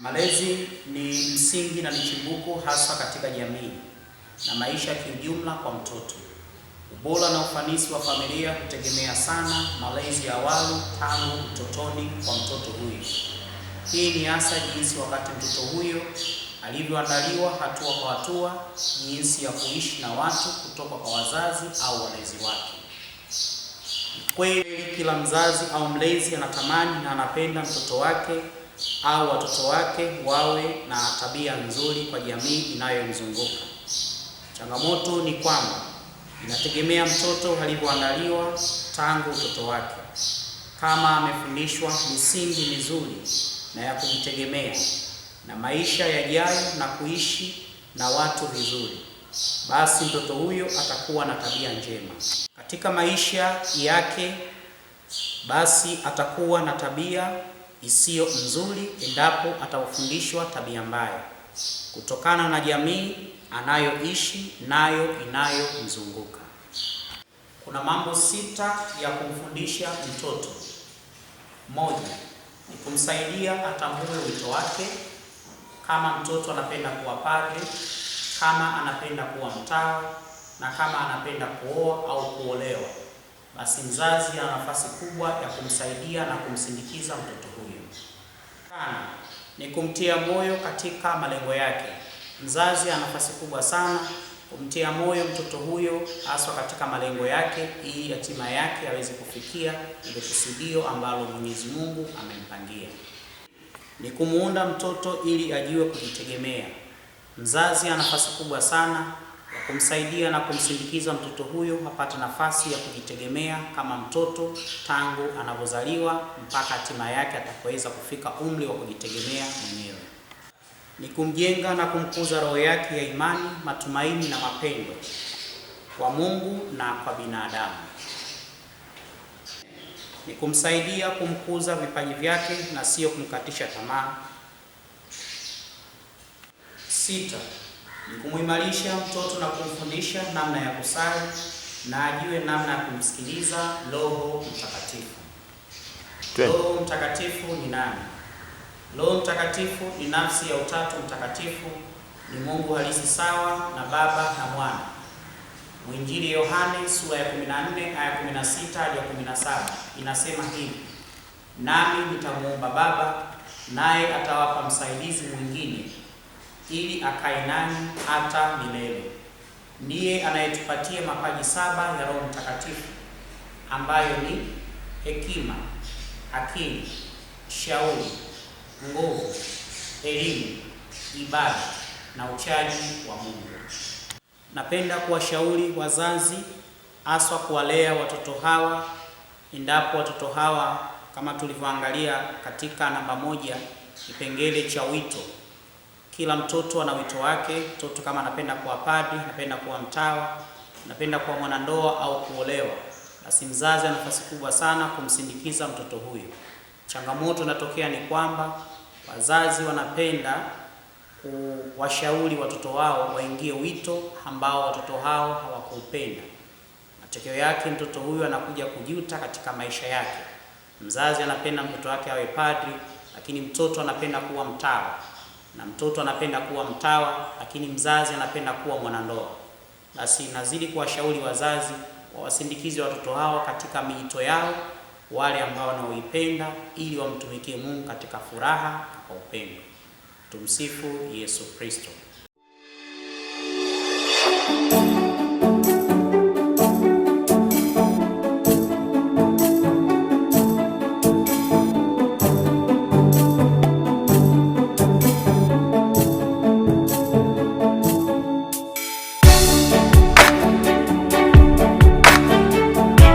Malezi ni msingi na ni chimbuko hasa katika jamii na maisha kiujumla kwa mtoto. Ubora na ufanisi wa familia hutegemea sana malezi ya awali tangu utotoni kwa mtoto huyo Hii ni hasa jinsi wakati mtoto huyo alivyoandaliwa hatua kwa hatua, jinsi ya kuishi na watu kutoka kwa wazazi au walezi wake. Kweli kila mzazi au mlezi anatamani na anapenda mtoto wake au watoto wake wawe na tabia nzuri kwa jamii inayomzunguka. Changamoto ni kwamba inategemea mtoto alivyoandaliwa tangu utoto wake. Kama amefundishwa misingi mizuri na ya kujitegemea na maisha yajayo na kuishi na watu vizuri, basi mtoto huyo atakuwa na tabia njema katika maisha yake, basi atakuwa na tabia isiyo nzuri endapo atafundishwa tabia mbaya kutokana na jamii anayoishi nayo inayomzunguka. Kuna mambo sita ya kumfundisha mtoto. Moja ni kumsaidia atambue wito wake, kama mtoto anapenda kuwa padre, kama anapenda kuwa mtawa na kama anapenda kuoa au kuolewa basi mzazi ana nafasi kubwa ya kumsaidia na kumsindikiza mtoto huyo. Tano, ni kumtia moyo katika malengo yake. Mzazi ana nafasi kubwa sana kumtia moyo mtoto huyo haswa katika malengo yake, ili hatima yake aweze kufikia ile kusudio ambalo Mwenyezi Mungu amempangia. Ni kumuunda mtoto ili ajiwe kujitegemea. Mzazi ana nafasi kubwa sana kumsaidia na kumsindikiza mtoto huyo apate nafasi ya kujitegemea kama mtoto tangu anavyozaliwa mpaka hatima yake atakapoweza kufika umri wa kujitegemea mwenyewe. Ni kumjenga na kumkuza roho yake ya imani, matumaini na mapendo kwa Mungu na kwa binadamu. Ni kumsaidia kumkuza vipaji vyake na sio kumkatisha tamaa. Sita ni kumuimarisha mtoto na kumfundisha namna ya kusali na ajue namna ya kumsikiliza Roho Mtakatifu. Roho Mtakatifu ni nani? Roho Mtakatifu ni nafsi ya Utatu Mtakatifu, ni Mungu halisi sawa na Baba na Mwana. Mwinjili Yohane sura ya 14 aya 16 hadi 17 inasema hivi: nami nitamwomba Baba, naye atawapa msaidizi mwingine ili akae nanyi hata milele. Ndiye anayetupatia mapaji saba ya Roho Mtakatifu ambayo ni hekima, akili, shauri, nguvu, elimu, ibada na uchaji wa Mungu. Napenda kuwashauri wazazi haswa kuwalea watoto hawa, endapo watoto hawa kama tulivyoangalia katika namba moja, kipengele cha wito kila mtoto ana wito wake. Mtoto kama anapenda kuwa padri, anapenda kuwa mtawa, anapenda kuwa mwanandoa au kuolewa, basi mzazi ana nafasi kubwa sana kumsindikiza mtoto huyo. Changamoto inatokea ni kwamba wazazi wanapenda kuwashauri watoto wao waingie wito ambao watoto hao hawakuupenda. Matokeo yake mtoto huyu anakuja kujuta katika maisha yake. Mzazi anapenda mtoto wake awe padri, lakini mtoto anapenda kuwa mtawa na mtoto anapenda kuwa mtawa, lakini mzazi anapenda kuwa mwanandoa. Basi nazidi kuwashauri wazazi wawasindikize watoto hao katika miito yao wale ambao wanaoipenda, ili wamtumikie Mungu katika furaha na kwa upendo. Tumsifu Yesu Kristo.